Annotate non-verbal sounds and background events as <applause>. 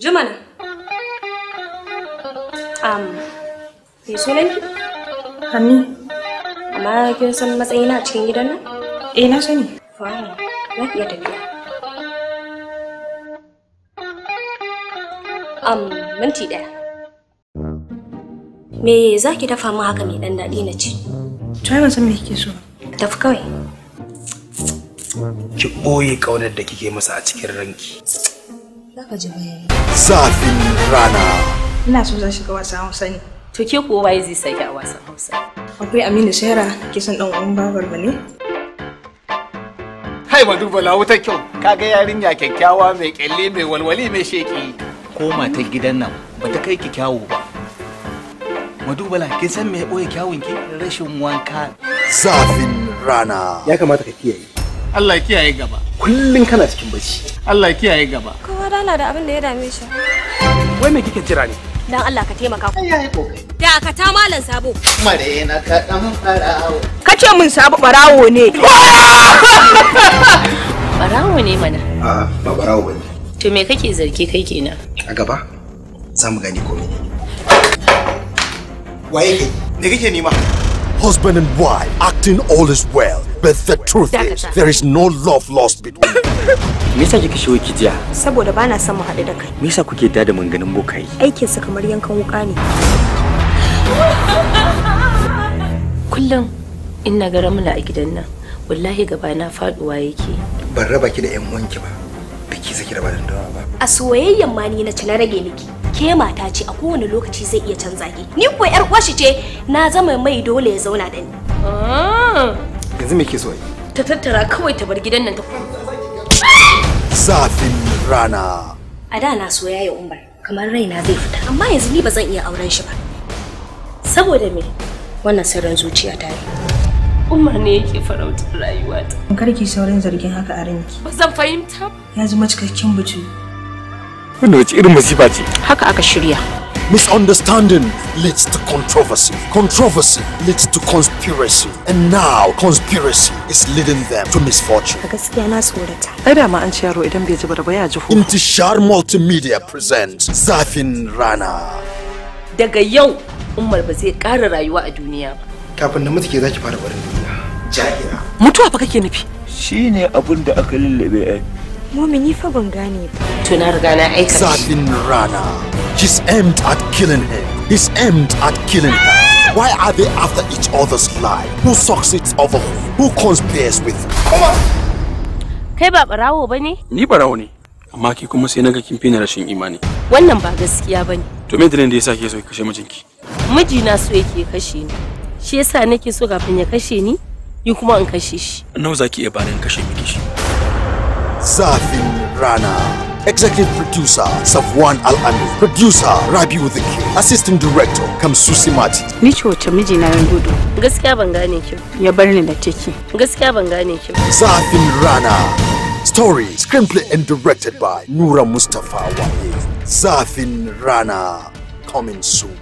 jimana um me sunan ki hanni amma kin san matsayina a cikin gidan nan eh na sani fine na iya tafiya am minti daya me za ki dafa mu haka mai dan daɗi na ci to ban san me kike so tafi kawai ki ɓoye ƙaunar da kike masa a cikin ranki ji bayani zafin rana ina so zan shiga wasan hausa ne to ke kuwa waye zai sake a wasan hausa akwai aminu shahara ke son ɗan uwan babar ba ne kai ba duba lawutar kyau kaga yarinya kyakkyawa mai kyalle mai walwali mai sheƙi. ko gidan nan ba ta kai ki kyawu ba madubala kin san me ya ɓoye kyawun ki rashin wanka zafin rana ya kamata ka kiyaye Allah kiyaye gaba kullun kana cikin bacci Allah kiyaye gaba kowa dala da abin da ya dame shi wai me kike jira ne dan Allah ka taimaka ku yayi kokari da ka ta malan sabo mare na ka dan Ka kace mun sabo barawo ne barawo <laughs> ne mana a ba barawo bane to me kake zargi kai kenan a gaba za mu gani komai waye kai me kake nima? husband and wife acting all is well perfect truth is, there is no love lost between <laughs> Me yasa kike shiwo ki jiya? Saboda bana son mu haɗu da kai. Me yasa kuke da da manganin bokai? Aikin sa kamar yankan wuka ne. Kullum in na ga ramla a gidan nan, wallahi gaba na faduwa yake. Ban raba ki da yan uwanki ba. Biki saki da ba. A soyayyan ma ni na ci na rage miki. ke mata ce a kowane lokaci zai iya canza ki ni kuwa yar shi ce na zama mai dole ya zauna da ni ah. yanzu me ke so ta tattara kawai ta bar gidan nan ta Safin rana a da na soya ya umar kamar raina zai fita amma yanzu ni ba zan iya auren shi ba saboda me wannan sirrin zuciya ta ne Umar ne yake farautar rayuwata. Karki saurin zargin haka a ranki. Ba zan fahimta. Ya zama cikakken butu. Wanda wace irin masifa ce? Haka aka shirya. Misunderstanding leads to controversy. Controversy leads to conspiracy. And now conspiracy is leading them to misfortune. A gaskiya na Ai da ma an idan bai ba ya Intishar Multimedia presents Zafin Rana. Daga yau Umar ba zai ƙara rayuwa a duniya ba. Kafin da mutuke zaki fara barin duniya. Jahira. Mutuwa fa kake nufi? Shine abin da aka lullube ai. Mumini fa ban gane ba. To na riga na aika. Zafin Rana. he's aimed at killing her. He's aimed at killing her. Why are they after each other's life? Who succeeds over who? Who conspires with Kai ba barawo ba ne? Ni barawo ne. Amma ki kuma sai naga kin fina rashin imani. Wannan ba gaskiya ba ne. To me dalilin da yasa ke so ki kashe mijinki? Mijina so yake kashe ni. Shi yasa nake so kafin ya kashe ni, ni kuma in kashe shi. Nawa zaki iya bani in kashe miki shi? Zafin rana. Executive Producer Safwan Al-Amin. Producer Rabi Uziki. Assistant Director Kamsusi Mati. Ni ce wace mijina ya gudu. Gaskiya ban gane ki. Ya bar ni da ciki. Gaskiya ban gane ki. Zafin rana. Story, screenplay and directed by Nura Mustafa Wahid. Zafin rana. Coming soon.